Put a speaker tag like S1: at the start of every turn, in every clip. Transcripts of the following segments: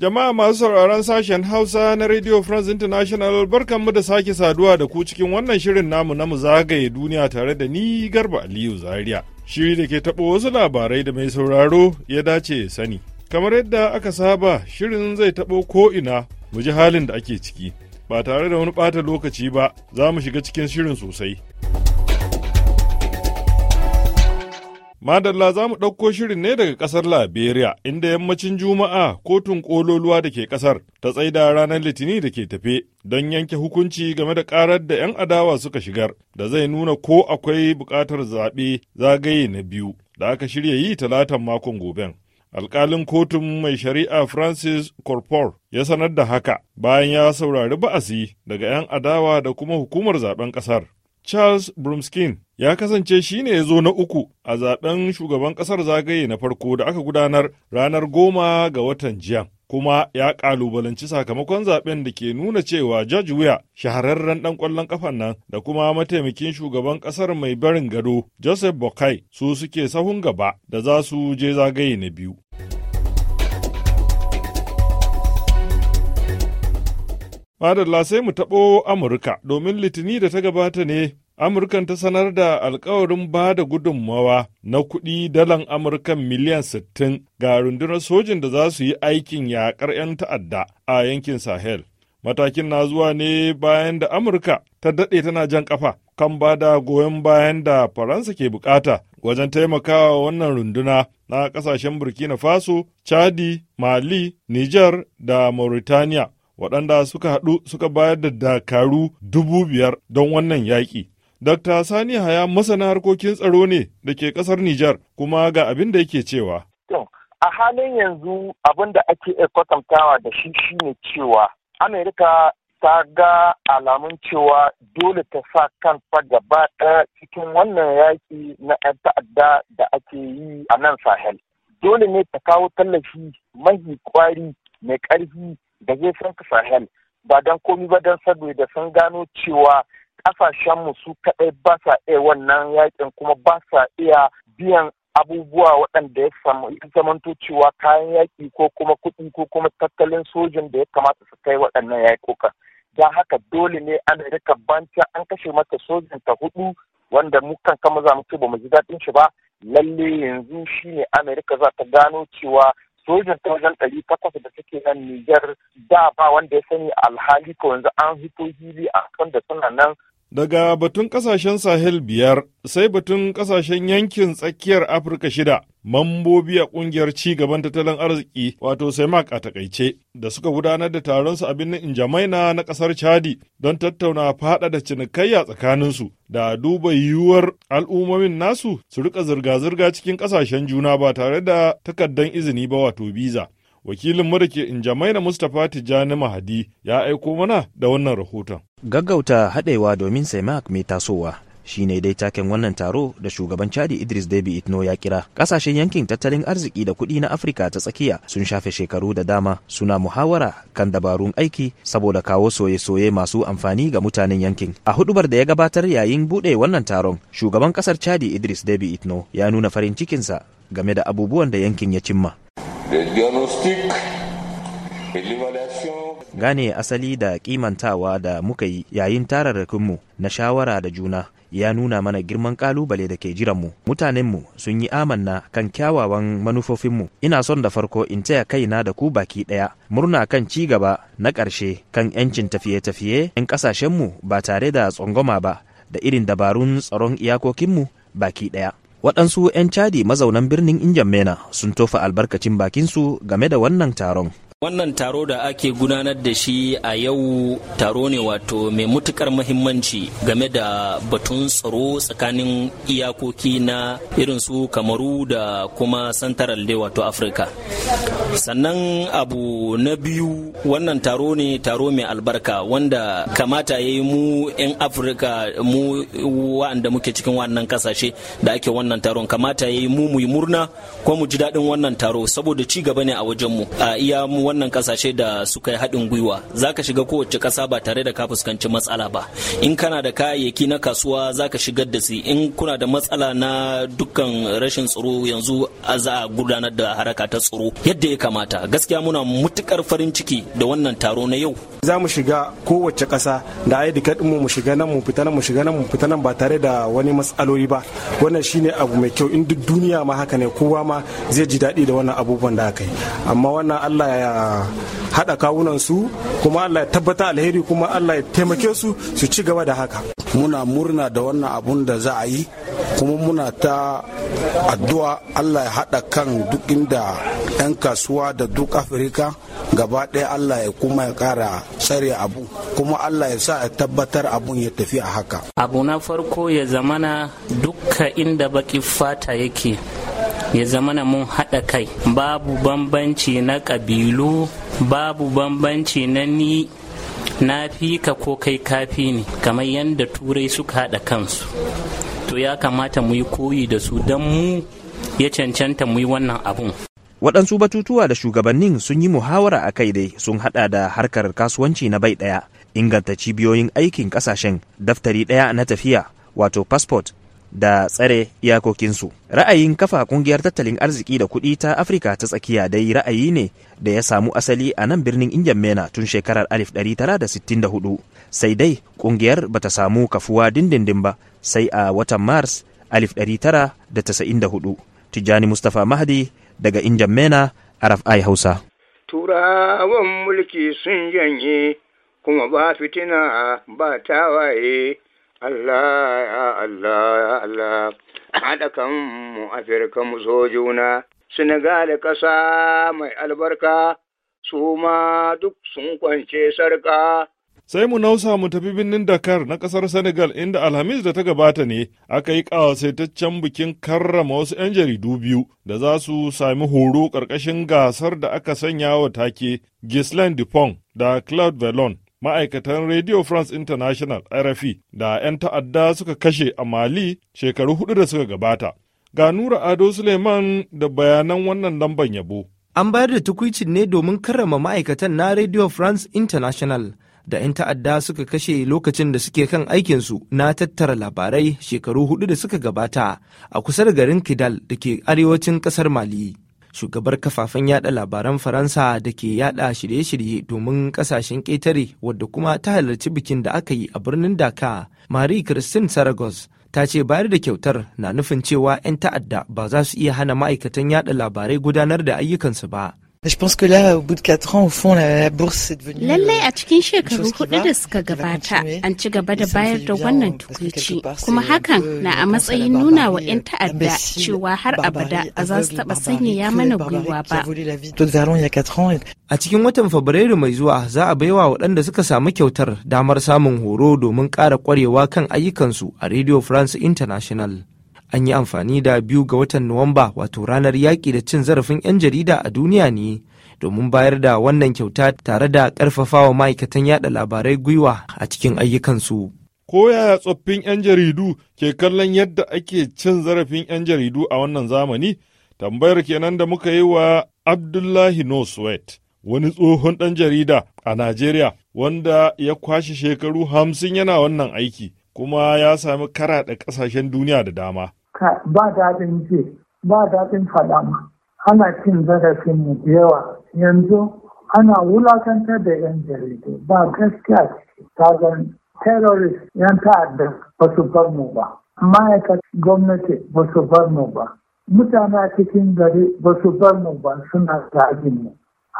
S1: Jama'a masu sauraron sashen Hausa na Radio France International mu da sake saduwa da ku cikin wannan shirin namu na mu zagaye duniya tare da ni Garba Aliyu Zaria. Shiri da ke taɓo wasu labarai da mai sauraro ya dace sani. Kamar yadda aka saba shirin zai taɓo ko'ina mu ji halin da ake ciki. Ba tare da wani ɓata lokaci ba za mu shiga cikin shirin sosai. Madalla za mu ɗauko shirin ne daga ƙasar Liberia, inda yammacin Juma'a kotun ƙololuwa da ke ƙasar ta tsaida ranar Litini da ke tafe don yanke hukunci game da ƙarar da 'yan adawa suka shigar da zai nuna ko akwai buƙatar zaɓe zagaye na biyu da aka shirya yi talatan makon gobe. Alƙalin kotun mai shari'a Francis Corpor ya sanar da haka bayan ya saurari ba'asi daga 'yan adawa da kuma hukumar zaben ƙasar. Charles Brumskin ya kasance shi ne ya zo na uku a zaben shugaban ƙasar zagaye na farko da aka gudanar ranar goma ga watan jiya. Kuma ya ƙalubalanci sakamakon zaben da ke nuna cewa George wuya shahararren ɗan ƙwallon ƙafan nan da kuma mataimakin shugaban ƙasar mai barin gado Joseph Bokai su suke sahun gaba da za su je zagaye na biyu. Madalla sai mu taɓo Amurka domin litini da ta gabata ne Amurkan ta sanar da alkawarin ba da gudunmawa na kuɗi dalan Amurkan miliyan 60 ga rundunar sojin da za su yi aikin yaƙar 'yan ta'adda a yankin Sahel. Matakin na zuwa ne bayan da Amurka ta daɗe tana jan ƙafa kan ba da goyon bayan da Faransa ke bukata wajen taimakawa wannan runduna na ƙasashen Burkina Faso, Chadi, Mali, Nijar da Mauritania waɗanda suka haɗu suka bayar da dakaru dubu biyar don wannan yaƙi. Dr. Sani Haya masana harkokin tsaro ne da ke ƙasar Nijar kuma ga abin da yake cewa.
S2: A halin yanzu abin da ake kwatantawa da shi shine cewa Amerika ta ga alamun cewa dole ta sa kanta gaba ɗaya cikin wannan yaƙi na 'yan ta'adda da ake yi a nan sahel. Dole ne ta kawo tallafi mahi kwari mai ƙarfi da zai ka sahel ba don komi ba don saboda sun gano cewa kasashenmu su kaɗai ba sa iya wannan yakin kuma ba sa iya biyan abubuwa waɗanda ya zamanto cewa kayan yaƙi ko kuma kuɗi ko kuma tattalin sojin da ya kamata su kai waɗannan yaƙoƙan don haka dole ne amerika banca an kashe mata sojin ta hudu wanda mukan kama za mu ba mu ji daɗin shi ba lalle yanzu shine amerika za ta gano cewa sojin ta wajen ɗari takwas da suke nan niger da ba wanda ya sani alhali ko yanzu
S1: an hito hili a kan da suna nan Daga batun ƙasashen Sahel biyar sai batun ƙasashen yankin tsakiyar Afirka shida, mambobi a ƙungiyar ci gaban tattalin arziki wato semak a takaice, da suka gudanar da taronsu a birnin Injamaina na ƙasar Chadi don tattauna da cinikayya tsakaninsu da duba yiwuwar al'ummomin nasu su rika zirga-zirga cikin ƙasashen juna ba tare da takaddan izini ba wato biza. wakilin mu in ke na mustapha tijjani mahadi ya aiko mana da
S3: wannan rahoton gaggauta haɗewa domin saimak mai tasowa shi ne dai taken wannan taro da shugaban chadi idris debi itno ya kira ƙasashen yankin tattalin arziki da kuɗi na afirka ta tsakiya sun shafe shekaru da dama suna muhawara kan dabarun aiki saboda kawo soye-soye masu amfani ga mutanen yankin a hudubar da ya gabatar yayin buɗe wannan taron shugaban kasar chadi idris debi itno ya nuna farin cikinsa game da abubuwan da yankin ya cimma Gane asali da kimantawa da muka yi yayin tararrakinmu na shawara da juna ya nuna mana girman kalubale da ke jiranmu. Mutanenmu sun yi amanna kan kyawawan manufofinmu. Ina son da farko in taya kaina da ku baki daya Murna kan ci gaba na ƙarshe kan 'yancin tafiye-tafiye 'yan mu ba tare da tsangwama ba da irin dabarun tsaron iyakokinmu baki daya. waɗansu 'yan cadi mazaunan birnin injamena sun tofa albarkacin bakinsu game da wannan taron wannan taro da ake gudanar da shi a yau taro ne wato mai mutukar mahimmanci game da batun tsaro tsakanin iyakoki na irin su kamaru da kuma santaral wato afirka sannan abu na biyu wannan taro ne taro mai albarka wanda kamata ya yi mu 'yan afirka mu wa'anda muke cikin wannan kasashe da ake wannan taron kamata ya yi mu mu yi murna ko mu ji daɗin wannan taro saboda ci gaba ne a wajen mu a iya mu wannan kasashe da suka yi haɗin gwiwa za ka shiga kowace ƙasa ba tare da ka fuskanci matsala ba in kana da kayayyaki na kasuwa za ka shigar da su in kuna da matsala na dukkan rashin tsaro yanzu a za a gudanar da haraka ta tsaro yadda ya kamata gaskiya muna mutukar farin ciki da wannan taro na yau
S4: za mu shiga kowace ƙasa da ai duka mu mu shiga nan mu fita nan mu shiga nan mu fita nan ba tare da wani matsaloli ba wannan shine abu mai kyau in duk duniya ma haka ne kowa ma zai ji daɗi da wannan abubuwan da aka yi amma wannan Allah ya haɗa kawunan su kuma Allah ya tabbata alheri kuma Allah ya taimake su su ci gaba da haka muna murna da wannan abun da za a yi kuma muna ta addu'a allah ya haɗa kan duk inda 'yan kasuwa da duk afirka gaba ɗaya allah ya kuma ya ƙara tsare abu kuma allah ya sa ya tabbatar abun ya tafi a haka abu na farko ya zamana dukka inda baki fata yake ya zamana mun haɗa kai babu bambanci na ƙabilu babu bambanci na ni na fi ka ko kai kafi ne kamar yadda turai suka haɗa kansu to ya kamata mu yi koyi da su don mu ya cancanta mu yi wannan abun
S3: waɗansu batutuwa da shugabannin sun yi muhawara a kai dai sun haɗa da harkar kasuwanci na bai ɗaya inganta cibiyoyin aikin ƙasashen daftari ɗaya na tafiya wato passport da tsare iyakokinsu. Ra'ayin kafa kungiyar tattalin arziki da kuɗi ta Afirka ta tsakiya dai ra'ayi ne da ya samu asali a nan birnin Indian Mena tun shekarar 1964. Sai dai kungiyar ta samu kafuwa dindindin ba sai a watan Mars 1994. Tijjani Mustapha Mahdi daga Indian Mena, Raf'ai Hausa.
S4: Turawan mulki sun janye kuma ba fitina ba tawaye. Allah ya Allah ya Allah haɗa kanmu Afirka mu so juna Senegal ƙasa mai albarka su ma duk sun kwance sarƙa.
S5: Sai
S1: mu nausa mu tafi birnin Dakar na ƙasar Senegal inda Alhamis da ta gabata ne aka yi ƙawasaitaccen bikin karrama wasu 'yan jaridu biyu da za su sami horo ƙarƙashin gasar da aka sanya wa take Ghislaine Dupont da Claude Vallon. ma'aikatan Radio France International RFI e, da 'yan ta'adda suka kashe a Mali shekaru hudu da suka gabata. Ga Nura Ado Suleiman da bayanan wannan lamban yabo. An
S5: bayar da tukwicin ne domin karrama ma'aikatan na Radio France International da 'yan ta'adda suka kashe lokacin da suke kan aikinsu na tattara labarai shekaru hudu da suka gabata a kusa da garin Kidal da ke arewacin ƙasar Mali. shugabar kafafen yada labaran faransa da ke yada shirye-shirye domin kasashen ƙetare wadda kuma ta halarci bikin da aka yi a birnin daka marie christine saragos ta ce bayar da kyautar na nufin cewa 'yan ta'adda ba za su iya hana ma'aikatan yada labarai gudanar da ayyukansu ba
S6: Je pense que là, au bout de 4 ans, au fond, la, la bourse euh,
S7: Lallai a cikin shekaru hudu da suka gabata, an ci gaba da bayar da wannan tukuici, kuma hakan na a matsayin nuna wa 'yan ta'adda cewa har abada a za su taɓa sanyaya mana gwiwa ba.
S5: A cikin watan Fabrairu mai zuwa za a baiwa waɗanda suka samu kyautar damar samun horo domin ƙara ƙwarewa kan ayyukansu a Radio France International. an yi amfani da biyu ga watan nuwamba wato ranar yaƙi da cin zarafin 'yan jarida a duniya ne domin bayar da wannan kyauta tare da ƙarfafawa ma'aikatan yada labarai gwiwa a cikin ayyukansu.
S1: Ko yaya tsoffin 'yan jaridu ke kallon yadda ake cin zarafin 'yan jaridu a wannan zamani? Tambayar kenan da muka yi wa Abdullahi Noswet, wani tsohon ɗan jarida a Najeriya, wanda ya kwashe shekaru hamsin yana wannan aiki, kuma ya sami kara da ƙasashen duniya da dama.
S2: ba daɗin ji ba daɗin faɗa ma ana cin zarafin mu yawa yanzu ana wulakantar da yan jaridu ba gaskiya ciki zan terrorist yan ta'adda ba su bar mu ba ma'aikat gwamnati ba su bar mu ba mutane cikin gari ba su bar mu ba suna zagin mu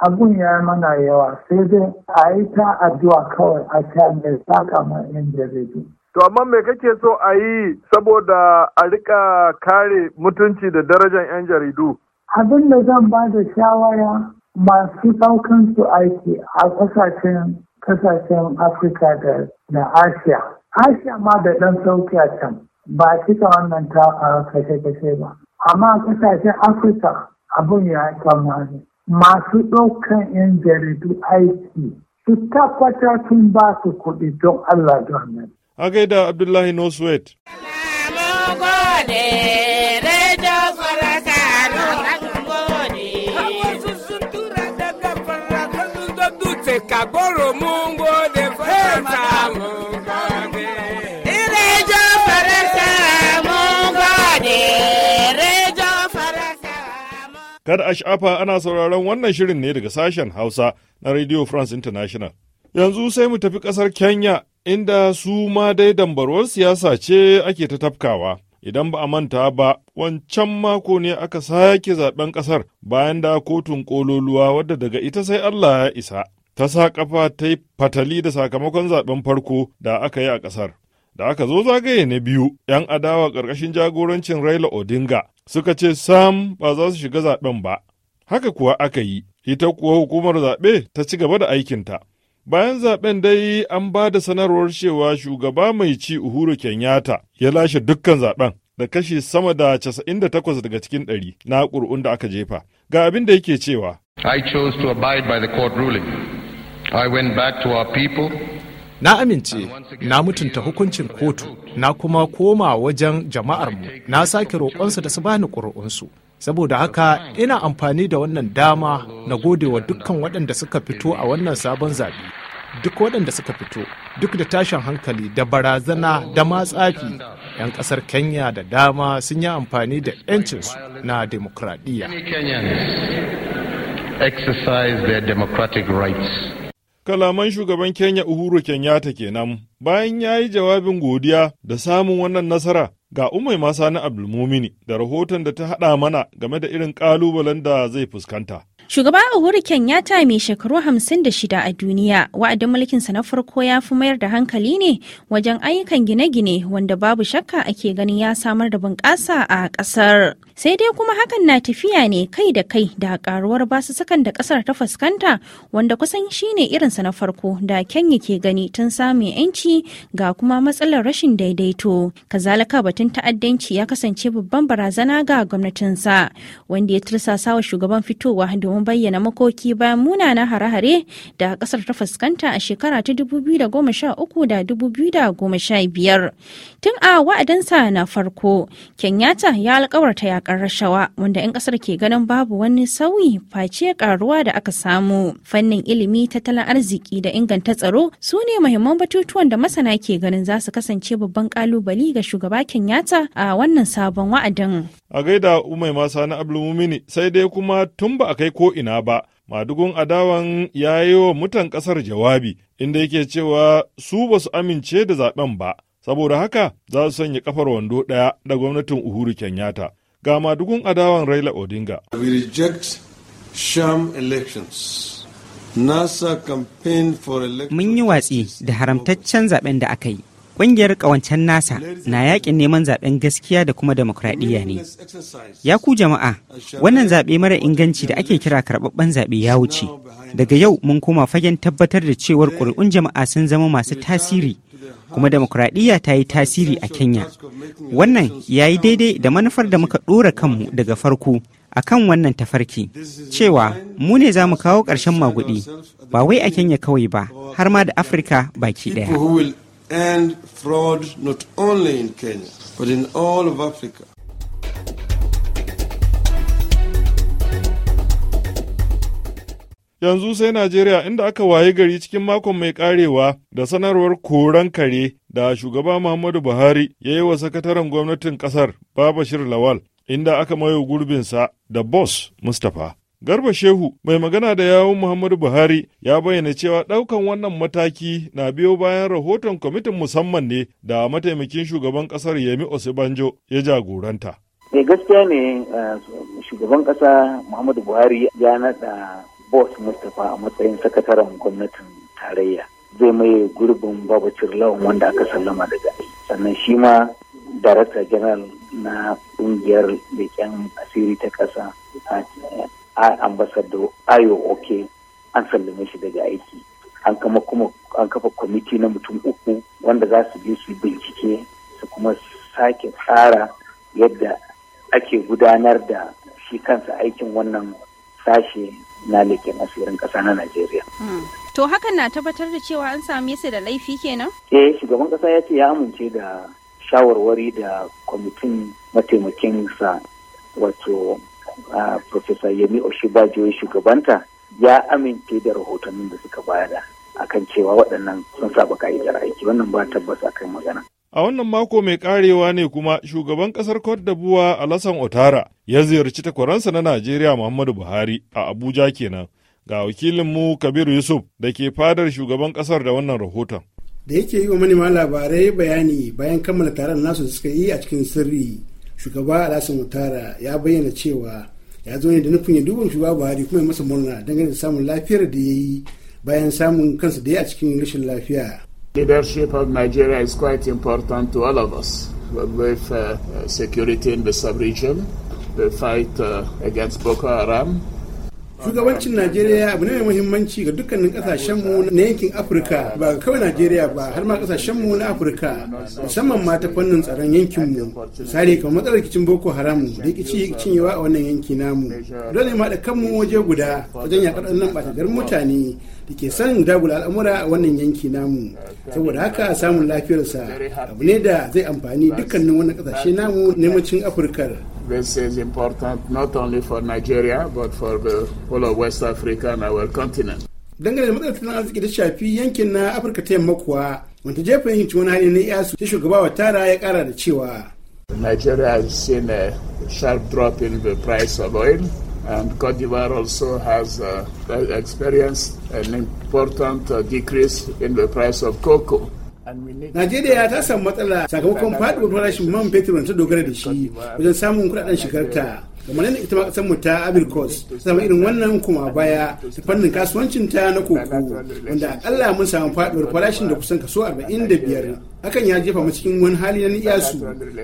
S2: abun ya mana yawa sai dai a yi ta addu'a kawai a ta mai saka ma yan jaridu
S1: To amma me kake so a yi saboda a rika kare mutunci da darajar 'yan jaridu?
S2: Abin da zan ba da shawara masu ɗaukan su aiki a ƙasashen kasashen Afirka da na Asiya. Asiya ma da ɗan sauki a can ba cika wannan ta kashe-kashe ba. Amma a kasashen Afirka abin ya kamari. Masu ɗaukan 'yan jaridu aiki su tabbatar sun ba su
S1: kuɗi don Allah don nan. A gaida Abdullahi no sweat Kada a sha'afa ana sauraron wannan shirin ne daga sashen Hausa na Radio France International. Yanzu sai mu tafi ƙasar Kenya inda su ma dai dambarwar siyasa ce ake ta tafkawa. Idan ba a manta ba, wancan mako ne aka sake zaben ƙasar bayan da kotun ƙololuwa wadda daga ita sai Allah ya isa. Ta sa ƙafa ta yi fatali da sakamakon zaben farko da aka yi a ƙasar. Da aka zo zagaye na biyu, 'yan adawa ƙarƙashin jagorancin Raila Odinga suka ce sam ba za su shiga zaben ba. Haka kuwa aka yi, ita kuwa hukumar zaɓe ta ci gaba da aikinta. Bayan zaben dai an ba da sanarwar cewa shugaba mai ci Uhuru Kenyatta ya lashe dukkan zaben da kashi sama da 98 daga cikin 100 na ƙuri'un da aka jefa. Ga abin da yake cewa.
S4: I chose to abide by the court ruling. I went back to our people. Na amince, na mutunta hukuncin kotu, na kuma koma wajen jama'armu, na sake roƙonsu da su bani ƙuri'unsu. saboda haka ina amfani da wannan dama na gode wa dukkan waɗanda suka fito a wannan sabon zaɓe duk waɗanda suka fito duk da tashin hankali da barazana da matsafi 'yan ƙasar kenya da dama sun yi amfani da 'yancinsu na demokradiyya
S1: kalaman shugaban kenya uhuru kenyatta kenan bayan ya yi jawabin godiya da samun wannan nasara Ga Umai na Abdulmumini da rahoton da ta hada mana game da irin kalubalen da zai fuskanta.
S7: Shugaba Uhuru Kenyatta mai shekaru 56 a duniya wa'adin mulkin sa na farko ya fi mayar da hankali ne wajen ayyukan gine-gine wanda babu shakka ake ganin ya samar da bunƙasa a ƙasar. Sai dai kuma hakan na tafiya ne kai da kai da karuwar sakan da ƙasar ta fuskanta wanda kusan shine irinsa na farko da Kenya ke gani tun samun 'yanci ga kuma matsalar rashin daidaito. Kazalika batun cikin ta'addanci ya kasance babban barazana ga gwamnatinsa wanda ya tursasa wa shugaban fitowa domin bayyana makoki bayan munana hare-hare da kasar ta fuskanta a shekara ta 2013 da 2015 tun a wa'adansa na farko kenyatta ya alkawarta yakar rashawa wanda 'yan kasar ke ganin babu wani sauyi face karuwa da aka samu fannin ilimi tattalin arziki da inganta tsaro su ne muhimman batutuwan da masana ke ganin za su kasance babban kalubali ga shugaba kenya Kenyatta a wannan sabon wa'adin.
S1: A gaida Umai Masa na mumini sai dai kuma tun ba a kai ko ina ba. Madugun adawan ya yi wa mutan ƙasar jawabi inda yake cewa su ba su amince da zaben ba, saboda haka za su sanya kafar wando ɗaya da gwamnatin Uhuru Kenyatta. Ga madugun adawan Raila Odinga. We reject sham elections.
S5: NASA campaign for Mun yi watsi da haramtaccen zaben da aka yi. Ƙungiyar ƙawancen NASA na yakin neman zaben gaskiya da kuma demokradiyya ne. Ya ku jama'a, wannan zaɓe mara inganci da ake kira karɓaɓɓen zaɓe ya wuce. Daga yau mun koma fagen tabbatar da cewar ƙuri'un jama'a sun zama masu tasiri, kuma demokradiyya ta yi tasiri a Kenya. Wannan ya yi daidai da manufar da muka ɗora kanmu daga farko. a kan wannan tafarki cewa mu ne za mu kawo ƙarshen maguɗi ba wai a kenya kawai ba har ma da afirka baki ɗaya.
S1: end fraud not only in Kenya, but in all of Africa. yanzu sai Najeriya inda aka waye gari cikin makon mai karewa da sanarwar koran kare da shugaba Muhammadu Buhari ya yi wa sakataren gwamnatin kasar Babashir Lawal inda aka mayo gurbinsa da Bos Mustapha. Garba Shehu mai magana da yawun Muhammadu Buhari ya bayyana cewa ɗaukan wannan mataki na biyo bayan rahoton kwamitin musamman ne da mataimakin shugaban ƙasar Yemi Osibanjo ya jagoranta.
S2: Eh gaskiya ne eh, shugaban ƙasa Muhammadu Buhari ya naɗa Bos Mustapha a matsayin sakataren gwamnatin tarayya. Zai mai gurbin Babacir Lawan wanda aka sallama daga sannan shi ma Darakta General na ƙungiyar leƙen asiri ta ƙasa ambassador ayo oke an sallame shi daga aiki an kama kuma an kafa kwamiti na mutum uku wanda za su je su bincike su kuma sake tsara yadda ake gudanar da shi kansa aikin wannan sashe na leƙen asirin ƙasa na Najeriya. Hmm.
S7: To hakan na tabbatar da cewa an same su da laifi kenan?
S2: Eh shugaban ƙasa ya ce ya amince da shawarwari da kwamitin mataimakin sa wato Profesa Yemi Oshibajo ya shugabanta ya amince da rahotannin da suka bayar bada akan cewa waɗannan sun saba ka'idar aiki wannan ba tabbas a kai magana.
S1: A wannan mako mai karewa ne kuma shugaban kasar Cote d'Ivoire Alassane Ouattara ya ziyarci takwaransa na Najeriya Muhammadu Buhari a Abuja kenan. Ga wakilinmu Kabiru Yusuf da ke fadar shugaban ƙasar da wannan rahoton.
S4: Da yake yi wa manema labarai bayani bayan kammala taron nasu suka yi a cikin sirri. shugaba alhassan ya bayyana cewa ya zo ne da nufin ya shugaba buhari kuma masa murna dangane da samun lafiyar da ya yi bayan samun kansa da ya a cikin rashin lafiya
S6: leadership of nigeria is quite important to all of us with uh, security in the sub-region the fight uh, against boko haram
S4: shugabancin najeriya abu ne mai muhimmanci ga dukkanin kasashenmu na yankin afirka ba kawai najeriya ba har ma kasashen mu na afirka musamman ma ta fannin tsaron yankin mu misali kamar matsalar rikicin boko haram da rikici cinyewa a wannan yanki namu dole ma da kanmu waje guda wajen yakar nan garin mutane da ke son dagula al'amura a wannan yanki namu saboda haka samun lafiyarsa abu ne da zai amfani dukkanin wannan kasashe namu na yammacin afirka
S6: This is important not only for Nigeria but for the whole of West Africa and our continent.
S4: Dangane da matsalar tattalin arziki shafi yankin na Afirka ta yamma kuwa wanda jefa hali na iyasu shugaba wa tara ya kara da cewa. Nigeria has
S6: seen a sharp drop in the price of oil and Cote d'Ivoire also has uh, experienced an important uh, decrease in the price of cocoa.
S4: Najeriya ta samu matsala sakamakon faɗuwar farashin man fetur ta dogara da shi wajen samun kuɗaɗen shigarta. kamar yadda ita ma kasar mu ta Ivory sama irin wannan kuma baya ta fannin kasuwancin ta na koko wanda akalla mun samu faɗuwar farashin da kusan kaso biyar. hakan ya jefa mu cikin wani hali na niyasu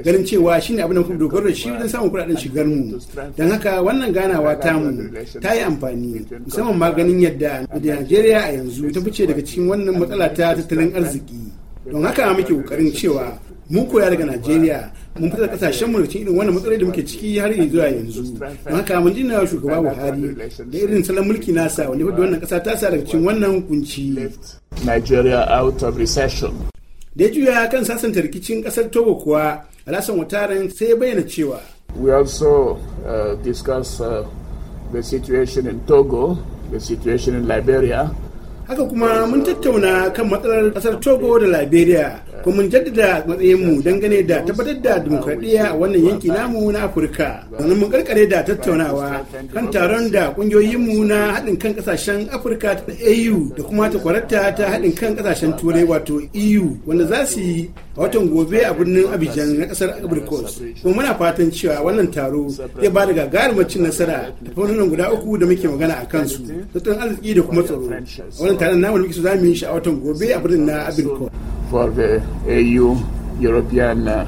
S4: ganin cewa shi ne abin da kuma dogaro da shi wajen samun kuɗaɗen shigar mu don haka wannan ganawa ta mu. ta yi amfani musamman maganin ganin yadda Najeriya a yanzu ta fice daga cikin wannan matsala ta tattalin arziki don haka muke kokarin cewa mu koya daga najeriya mun fitar kasashen mu cikin irin wannan matsalar da muke ciki har zuwa yanzu don haka mun jina shugaba buhari da irin salon mulki nasa wanda da wannan kasa ta sa daga cikin wannan kunci nigeria out of recession da juya kan sasanta rikicin kasar togo kuwa alasan wataren sai ya bayyana cewa we also uh, discuss uh, the situation in togo the
S6: situation in liberia
S4: haka kuma mun tattauna kan matsalar kasar togo da liberia kuma mun jaddada matsayinmu dangane da tabbatar da dimokuraɗiyya a wannan yanki namu na afirka sannan mun karkare da tattaunawa kan taron da kungiyoyinmu na haɗin kan ƙasashen afirka ta au da kuma ta kwararta ta haɗin kan ƙasashen turai wato eu wanda za su yi a watan gobe a birnin abidjan na ƙasar abrikos kuma muna fatan cewa wannan taro zai ba da gagarumar cin nasara da fannonin guda uku da muke magana a kansu tattalin arziki da kuma tsaro a wannan taron namu da muke so za mu yi shi a watan gobe a birnin na abrikos
S6: for the AU European uh,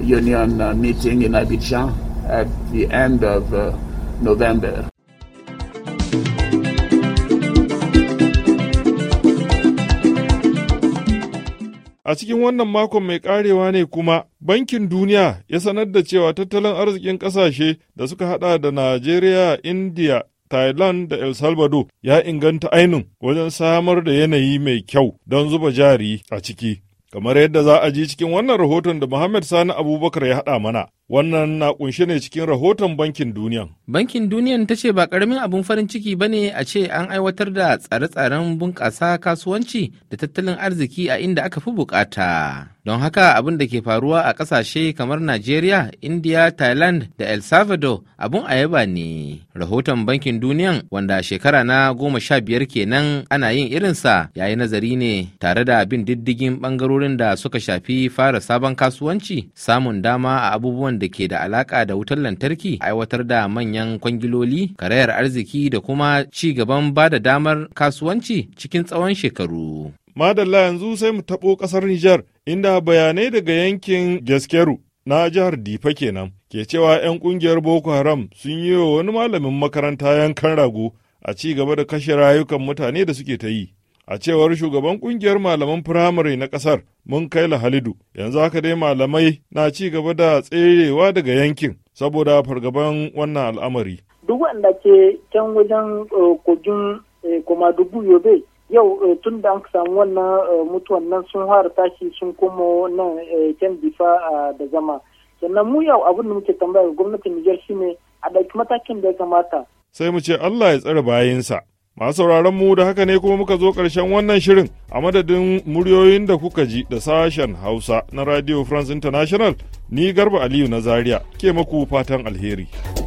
S6: Union uh, meeting in Abidjan at the end of uh, November.
S1: A cikin wannan makon mai karewa ne kuma Bankin Duniya ya sanar da cewa tattalin arzikin ƙasashe da suka hada da Najeriya, India, Thailand da El Salvador ya inganta ainun wajen samar da yanayi mai kyau don zuba jari a ciki. Kamar yadda za a ji cikin wannan rahoton da Muhammad Sani Abubakar ya haɗa mana. Wannan
S5: na kunshe ne cikin rahoton Bankin Duniya. Bankin Duniya ta ce ba karamin abin farin ciki ba ne a ce an aiwatar da tsare-tsaren bunƙasa kasuwanci da tattalin arziki a inda aka fi bukata. Don haka abin da ke faruwa a ƙasashe kamar Najeriya, India, Thailand da El Salvador abin ayaba ne. Rahoton Bankin Duniya wanda shekara na goma sha biyar kenan ana yin irinsa yi nazari ne tare da bin diddigin ɓangarorin da suka shafi fara sabon kasuwanci, samun dama a abubuwan abubuwan da ke da alaka da wutar lantarki aiwatar da manyan kwangiloli karayar arziki da kuma ci gaban ba da damar kasuwanci cikin tsawon shekaru.
S1: Madalla yanzu sai mu taɓo ƙasar Nijar inda bayanai daga yankin Gaskeru na jihar Difa kenan ke cewa 'yan ƙungiyar Boko Haram sun yi wa wani malamin makaranta yankan rago a ci gaba da kashe rayukan mutane da suke ta yi. A cewar shugaban kungiyar malaman firamare na kasar mun kai Halidu, yanzu haka dai malamai na ci gaba da tserewa daga yankin saboda fargaban wannan al'amari.
S2: Duk wanda ke can wajen eh, kogin eh, kuma dubu yobe yau eh, tun da an samu wannan mutuwan nan sun fara tashi sun komo nan can difa da zama. Sannan mu yau abin da muke tambaya gwamnatin Nijar shine a ɗauki matakin da ya kamata.
S1: Sai mu ce Allah ya tsare bayansa. Masu sauraron mu da haka ne kuma muka zo ƙarshen wannan shirin a madadin muryoyin da kuka ji da sashen Hausa na Radio France International ni Garba Aliyu na Zaria ke maku fatan alheri.